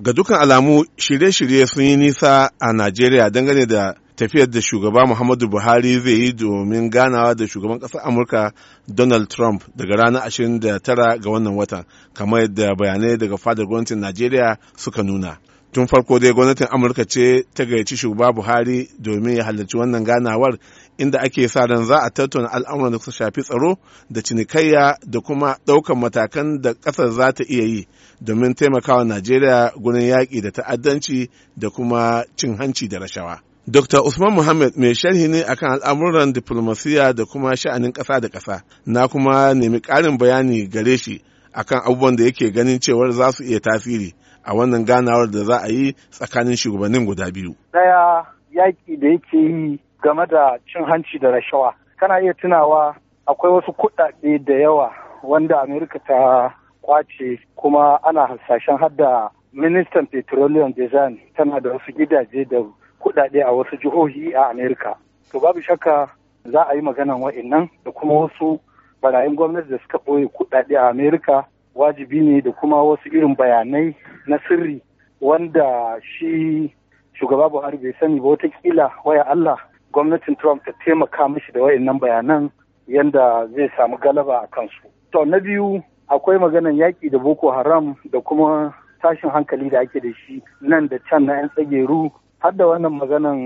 Ga dukan alamu shirye-shirye sun yi nisa a Najeriya dangane da tafiyar da shugaba Muhammadu Buhari zai yi domin ganawa da shugaban ƙasar Amurka Donald Trump daga ranar 29 ga wannan watan, kamar yadda bayanai daga fadar gwamnatin Najeriya suka nuna. tun farko dai gwamnatin amurka ce ta gayyaci shugaba buhari domin ya halarci wannan ganawar inda ake sa ran za a tattauna al'amuran da suka shafi tsaro da cinikayya da kuma ɗaukan matakan da ƙasar za ta iya yi domin taimakawa najeriya gurin yaƙi da ta'addanci da kuma cin hanci da rashawa Dr. Usman Muhammad mai sharhi ne akan al'amuran diplomasiya da kuma sha'anin ƙasa da ƙasa, na kuma nemi ƙarin bayani gare shi akan abubuwan da yake ganin cewar za su iya tasiri a wannan ganawar da za a yi tsakanin shugabannin guda biyu. daya yaƙi da yake yi game da cin hanci da rashawa. Kana iya tunawa akwai wasu kuɗaɗe da yawa wanda Amerika ta kwace kuma ana hasashen hadda ministan petroleum design tana da wasu gidaje da kuɗaɗe a wasu jihohi a Amerika. To babu shakka za a yi maganan wa'innan da kuma wasu barayin gwamnati da suka ɓoye kuɗaɗe a Amerika wajibi ne da kuma wasu irin bayanai na sirri wanda shi shugaba buhari bai sani ba watakila waya allah gwamnatin trump ta taimaka mashi da wayannan bayanan yanda zai samu galaba a kansu to na biyu akwai maganan yaƙi da boko haram da kuma tashin hankali da ake da shi nan da can na 'yan tsageru har da wannan maganan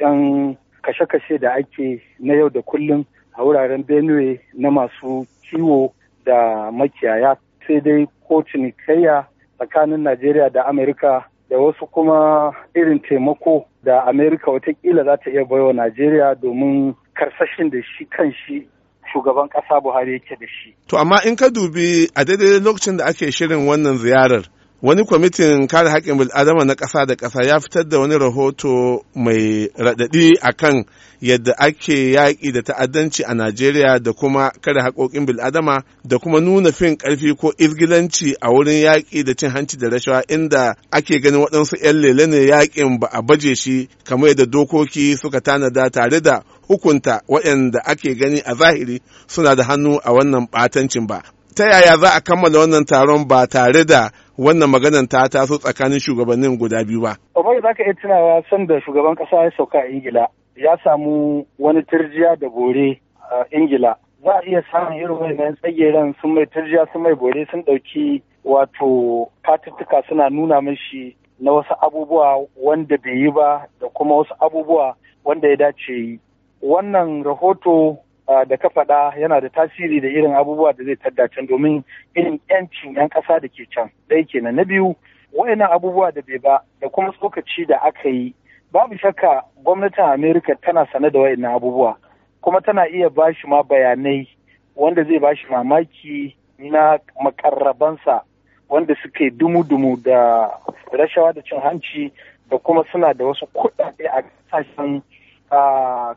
'yan kashe-kashe da ake na yau da kullum a wuraren benue na masu kiwo da makiyaya sai dai ko cinikayya tsakanin Najeriya da Amerika da wasu kuma irin taimako da Amerika watakila za ta iya baiwa Najeriya domin karsashin da shi kan shi shugaban ƙasa Buhari yake da shi. To amma in ka dubi a daidai lokacin da ake shirin wannan ziyarar wani kwamitin kare haƙƙin bil'adama na ƙasa da ƙasa ya fitar da wani rahoto mai raɗaɗi akan yadda ake yaƙi da ta'addanci a najeriya da kuma kare haƙoƙin bil'adama da kuma nuna fin ƙarfi ko izgilanci a wurin yaƙi da cin hanci da rashawa inda ake ganin waɗansu 'yan lele ne yaƙin ba a baje shi kamar yadda dokoki suka tanada tare da hukunta waɗanda ake gani a zahiri suna da hannu a wannan ɓatancin ba ta yaya za a kammala wannan taron ba tare da wannan maganan ta taso tsakanin shugabannin guda biyu ba. Obai za ka iya tunawa sanda shugaban kasa ya sauka a Ingila ya samu wani turjiya da bore a Ingila. Za a iya samun irin wannan tsageren sun mai turjiya sun mai bore sun ɗauki wato katuttuka suna nuna mashi na wasu abubuwa wanda bai yi ba da kuma wasu abubuwa wanda ya dace yi. Wannan rahoto da ka faɗa yana da tasiri da irin abubuwa da zai tadda domin irin 'yancin 'yan ƙasa da ke can ɗaya kenan na biyu wayannan abubuwa da bai ba da kuma tsokaci da aka yi babu shakka gwamnatin america tana sane da wayannan abubuwa kuma tana iya ba shi ma bayanai wanda zai ba shi mamaki na makarrabansa wanda suke dumu-dumu da rashawa da cin hanci da kuma suna da wasu kuɗaɗe a ƙasashen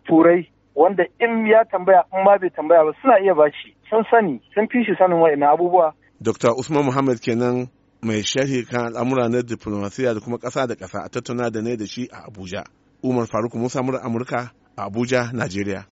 turai wanda in ya tambaya in ma bai tambaya ba suna iya bashi sun sani sun fi shi sanin wa'ina abubuwa. Dr. Usman Muhammad kenan mai sharhi kan al'amura na diplomasiya da kuma ƙasa da ƙasa a tattauna da ne da shi a Abuja. Umar Faruk Musa Amurka a Abuja, Najeriya.